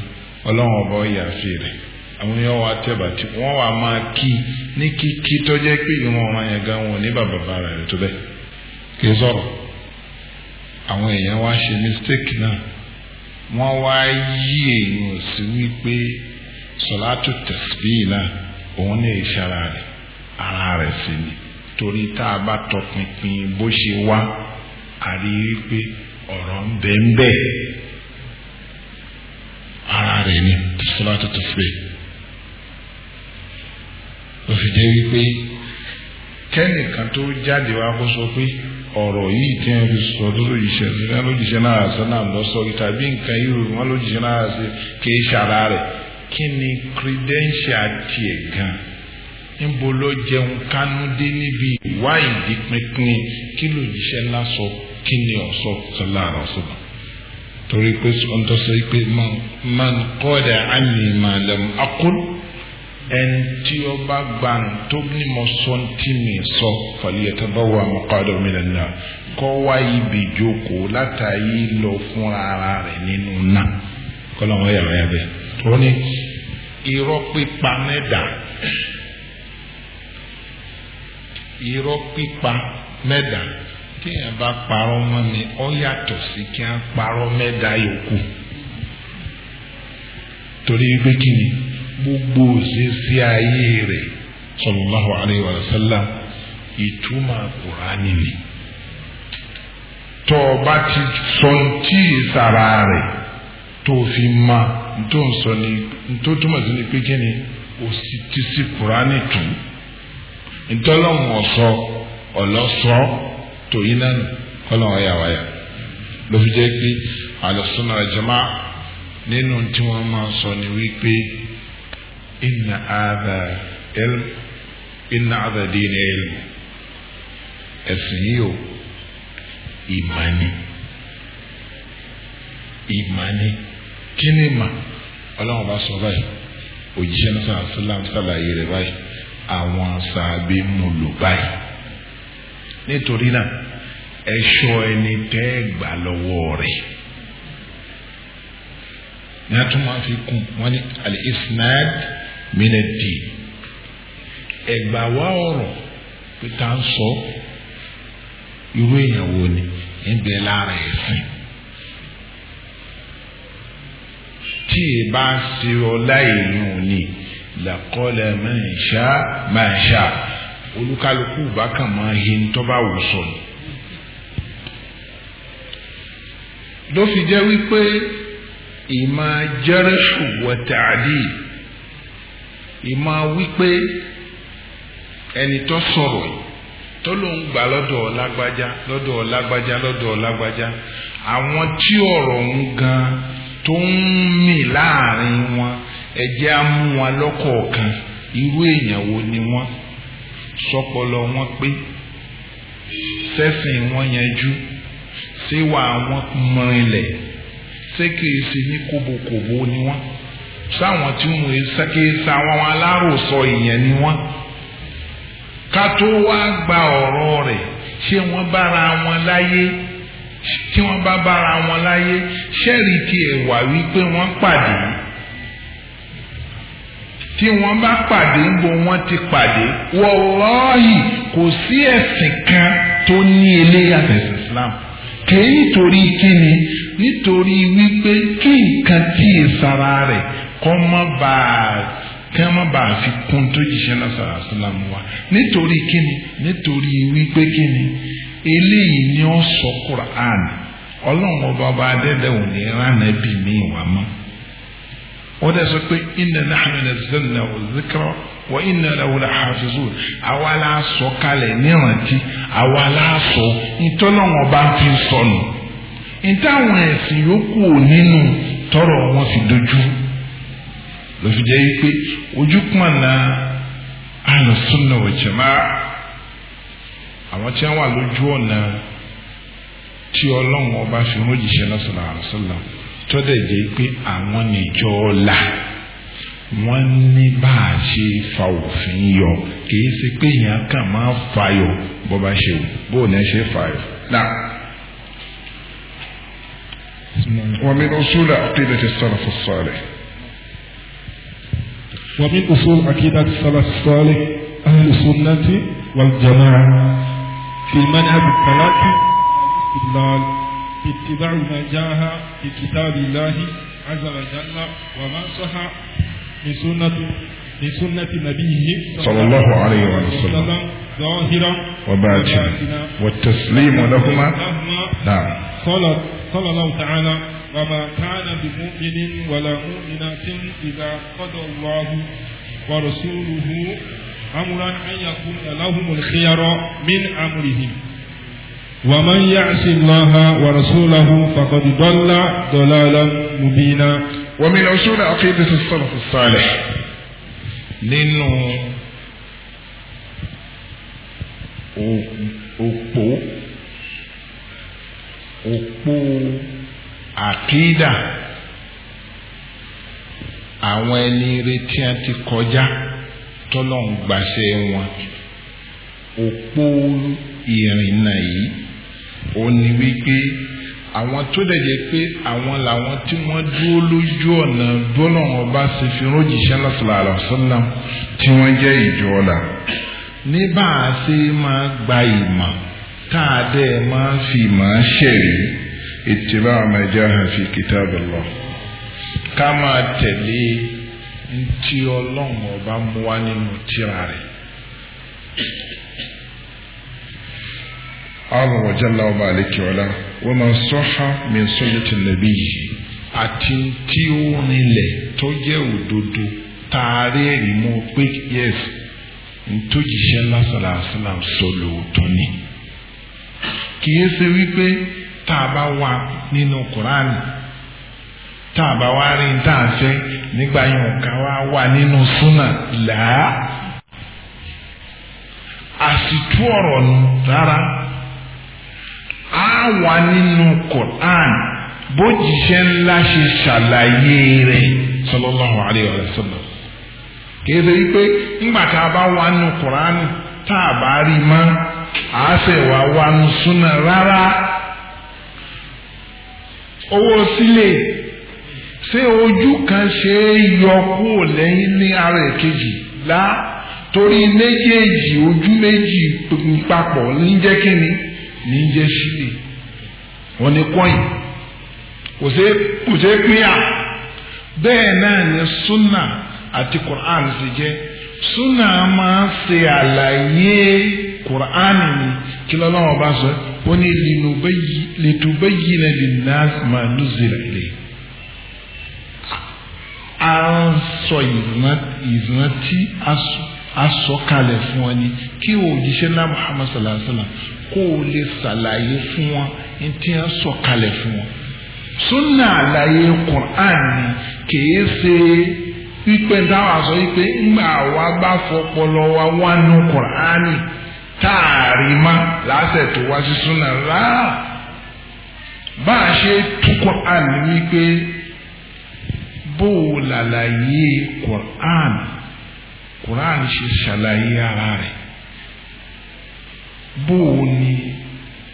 [SPEAKER 1] ọlọ́run ọba ọ̀yà fi rẹ̀ àwọn yóò wá tẹ̀bà tí wọ́n wá máa kí ní kíkí tó jẹ́ pé ìwọ̀n ọmọ yẹn gan wọn ní bàbá bàrà rẹ̀ tó bẹ́ẹ̀ sọ̀rọ̀ àwọn èèyàn wá ṣe mistake náà wọ́n wá yí èèyàn sí wípé sọ̀látù ara rẹ̀ sí ni àrí wípé ọ̀rọ̀ ń bẹ ń bẹ ara rẹ̀ ni sọlá tuntun fèrè ló fi jẹ́ wípé kẹ́nìkan tó jáde wá kó sọ pé ọ̀rọ̀ yìí tí wọ́n fi sọ tó lójijì náà lójijì náà sọ náà lọ sọ tàbí nǹkan irú wọn lójijì náà ṣe kìí ṣara rẹ̀ kí ni credential tiẹ̀ gan níbo ló jẹun kánú dé níbi ìwá ìdí kí lójijì sọ kí ni ọ̀sọ́ sọlá àrà ọ̀sọ́nà torí pé wọ́n tó sọ pé man kọ́dà àmì màlẹ́m akún ẹni tí ó bá gbà tó ní mo sọ tí mi sọ fàlíyàtà bá wà mọ́kàdọ̀ mi lẹ́nu kọ́ wá ibi jókòó látàyè lọ fún ara rẹ̀ nínú náà kọ́ làwọn yàrá yà tó ní irọ́ pípa mẹ́dà irọ́ pípa mẹ́dà. ọ bá parọ́ mọ́ ni ó yàtọ̀ sí kí á parọ́ mẹ́ta yòókù torí pé kí ni gbogbo ayé rẹ̀ ìtumọ̀ kùránì ni bá ti sọ tí rẹ̀ tó o fi ma tó sọ ni tó túmọ̀ sí ni pé kí ni o sì tòyìn náà nù kọ́lọ̀ wáyà wáyà ló fi jẹ́ pé àlùsùnà ìjọba nínú tí wọ́n máa sọ ni wípé inna àdà ilm inna àdà dínà ilm ẹ̀sìn yìí o ìmánì ìmánì kí ni mà ọlọ́run bá sọ báyìí òjíṣẹ́ náà sàlàyé rẹ̀ báyìí àwọn sàbẹ̀ lò báyìí nítorí náà ẹ̀ṣọ́ ẹni tẹ́ gbà lọ́wọ́ rẹ̀ ní a tún máa fi kún wọn ní al-isnad min ad-din ẹ̀gbà wá ọ̀rọ̀ pé ń sọ irú èèyàn wo ni ń bẹ lára ẹ̀sìn tí ì bá ṣe ọ láì yùn ni laqala man sha ma sha. olúkálukú bá kàn máa hi tó bá wù sọnù. ló fi jẹ́ wípé ìmọ̀ jẹ́rẹ́sù wọ̀tàdì ìmọ̀ wípé ẹni tó sọ̀rọ̀ tó ló ń gbà lọ́dọ̀ ọ̀lágbájá lọ́dọ̀ ọ̀lágbájá lọ́dọ̀ ọ̀lágbájá àwọn tí ọ̀rọ̀ ń gan tó ń mì láàrin wọn ẹ̀jẹ̀ á mú wọn lọ́kọ̀ọ̀kan irú èèyàn wo ni wọ́n. sọpọlọ wọn pé sẹ́sìn wọn yanjú síwà wọn mọ ilẹ̀ ṣé kìí ṣe ní kòbókòbó ni wọn sáwọn tí wọn kìí ṣe àwọn aláròsọ ìyẹn ni wọn ká tó wá gba ọ̀rọ̀ rẹ̀ ṣé wọ́n bára wọn láyé tí wọ́n bá bára wọn láyé ṣẹ́ẹ̀rì tiẹ̀ wà wípé wọ́n pàdé yìí tí wọ́n bá pàdé ń bo wọ́n ti pàdé wọ́lọ́ọ̀yì kò sí ẹ̀sìn kan tó ní eléyà tẹ̀sí Islam kèé nítorí kíni nítorí wípé kí nǹkan tí ìsara rẹ̀ kọ́ mọ́ bá a kí wọ́n bá a fi kún tó jíṣẹ́ náà sara Islam wa nítorí kíni nítorí wípé kíni eléyìí ni ó sọ Quran ọlọ́run ọba ọba adẹ́dẹ́ òní ránà bí mi ìwà mọ́ wọ́n dẹ̀ sọ pé inna nahnu nazzalna dhikra wa inna lahu lahafizun àwa la sọ kalẹ̀ nírántí àwa la sọ ìtọ́lọ́wọ́n bá fi sọnù ìtàwọn ẹ̀sìn yòókù nínú tọrọ wọn fi dojú ló fi jẹ́ pé ojú pọ̀n na alùsùnà òjìmá àwọn tí wọ́n wà lójú ọ̀nà tí ọlọ́wọ́n bá fi rún òjìṣẹ́ lọ́sọ̀rọ̀ àrùsọ̀lọ́wọ́ tọ́dẹ̀ jẹ́ pé àwọn níjọ́ ọ̀la wọ́n ní bá a ṣe fa òfin yọ kìí ṣe pé èèyàn kàn máa fa yọ bó bá ṣe wù bó ní ṣe fa yọ. ومن أصول عقيدة السلف الصالح ومن أصول عقيدة السلف الصالح أهل السنة والجماعة في منهج الثلاثة الضلال اتباع ما جاء في كتاب الله عز وجل وما صح من سنة نبيه صلى الله عليه وسلم ظاهرا وباطنا والتسليم لهما نعم صلى الله تعالى وما كان بمؤمن ولا مؤمنة إذا قضى الله ورسوله أمرا أن يكون لهم الخيار من أمرهم ومن يعص الله ورسوله فقد ضل ضلالا مبينا ومن أصول عقيدة السلف الصالح nínú òpó òpó àkídà àwọn ẹni retí a ti kọjá tọ́lọ́ ń gbàṣẹ wọn òpó ìrìnnà yìí òun ni wípé àwọn tó dẹ̀ jẹ́ pé àwọn làwọn tí wọ́n dúró lójú ọ̀nà bọ́lá wọn ṣe fi rọ́jìṣẹ́ sallallahu alaihi wasallam tí wọ́n jẹ́ ìjọ ọ̀la ní bá a ṣe máa gba ìmọ̀ tá a dẹ̀ máa fi ìmọ̀ ṣẹ̀rí ìtìbá ma jaha fi kitabillah ká máa tẹ̀lé ntí ọlọ́run ọba mú wá nínú tírà rẹ̀ azza wa jalla ọba àlekè ọlá wọn máa sọ ha mi sọ yẹ ti nàbí yìí àti tí ó rinlẹ̀ tó jẹ́ òdodo taari ẹ̀rí mọ́ pé yes ni kì wípé bá wà nínú Kùránì tá bá nù rárá. a wà nínú Quran bó jíṣẹ́ ńlá ṣe ṣàlàyé rẹ̀ sallallahu alayhi wa sallam kìí ṣe wípé ńgbà tá a bá wà nínú Quran tá a bá rí mọ́ wà wà nínú súnà rárá owó sílẹ̀ ṣe é yọ kúrò lẹ́yìn ní ara èkejì lá torí méjèèjì ojú méjì ní ń jẹ́ ṣílì wọ́n ní kọ́yìn kò ṣe kò ṣe pínyà bẹ́ẹ̀ náà ni sunna àti quran ṣe jẹ́ sunna máa ń ṣe àlàyé quran ni kí lọ́lọ́wọ́ bá sọ ó ní litubayyina linnas ma nuzila ilayhi a ń sọ ìrántí asọ̀kalẹ̀ fún ọ ni kí òjíṣẹ́ náà muhammad sallallahu alaihi wa sallam kó o lè ṣàlàyé fún wọn ní tí wọ́n sọ kalẹ̀ fún wọn. súnà àlàyé Qur'an ni kìí ṣe wípé táwọn àṣọ wípé ńgbà wa bá fọpọlọ wa wá nu Qur'an táàrí má láṣẹ tó wá sí súnà rárá bá a ṣe tú Qur'an wípé bó o làlàyé Qur'an Qur'an ṣe ṣàlàyé ara rẹ̀ bó o ní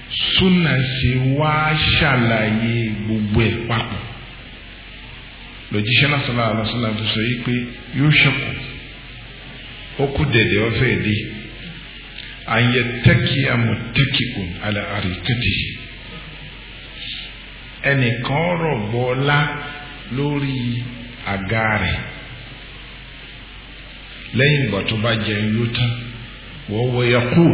[SPEAKER 1] súnà ṣe wá ṣàlàyé gbogbo ẹ̀ papọ̀ lójíṣẹ́ náà sọ̀rọ̀ àlọ́sọ̀rọ̀ àti sọ yìí pé yóò ṣẹ́kù ó kú dẹ̀dẹ̀ ọ̀fẹ́ ìdí àyẹ tẹ́kì àmọ̀tẹ́kìkùn àlẹ́ àríkẹ́tì ẹnìkan rọ̀ bọ́lá lórí àga rẹ̀ lẹ́yìn ìgbà tó bá jẹun yóò tán wọ́wọ́ yẹ kú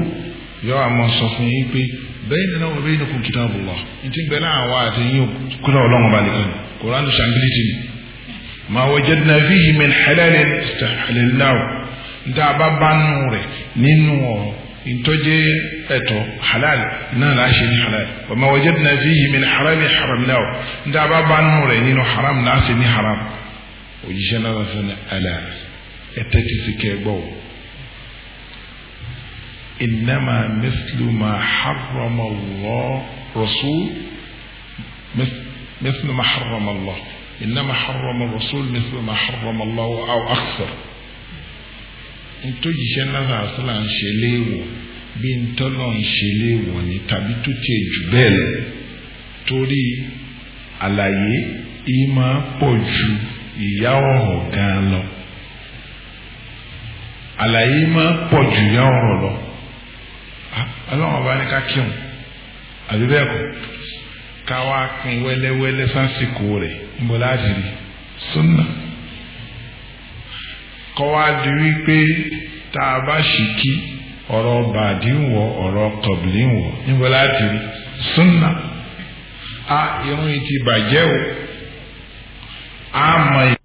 [SPEAKER 1] yóò àmọ́ sọ fún yín pé baynana wa baynakum kitabullah ntí bẹ́ẹ̀ náà wà àti yín kúrò ọlọ́run balẹ̀ kan koran ṣàǹgìlìtì ni ma wajadna fihi min halalin istahalalnahu nta a bá bá nù rẹ̀ nínú ọ̀rọ̀ ntọ́jẹ́ ẹ̀tọ́ halal náà láà ṣe ní halal wa ma wajadna fihi min haramin haramnahu nta a bá bá nù rẹ̀ nínú haram náà ṣe ní haram òjíṣẹ́ náà sọ ní ala ẹ̀ tẹ́tí sí kẹ́ gbọ́ إنما مثل ما حرم الله رسول مثل ما حرم الله إنما حرم الرسول مثل ما حرم الله أو أكثر ntọ́jú iṣẹ́ náà àṣìlá ń ṣe léèwọ̀ bí ntọ́lọ́ ń ṣe léèwọ̀ ni tàbí tó tiẹ̀ jù bẹ́ẹ̀ lọ torí àlàyé yìí máa pọ̀ ju ìyá ọ̀rọ̀ gan-an lọ àlàyé máa pọ̀ ju ìyá ọ̀rọ̀ lọ. ọlọ́run ọba ní ká kírun àbí bẹ́ẹ̀ ká wá pín wẹ́lẹ́wẹ́lẹ́ rẹ̀ níbo láti rí súnà kọ́ wá di wípé tá a bá ṣì kí ọ̀rọ̀ bàdí ọ̀rọ̀ kọ̀bìlì a irun yìí ti bàjẹ́ o a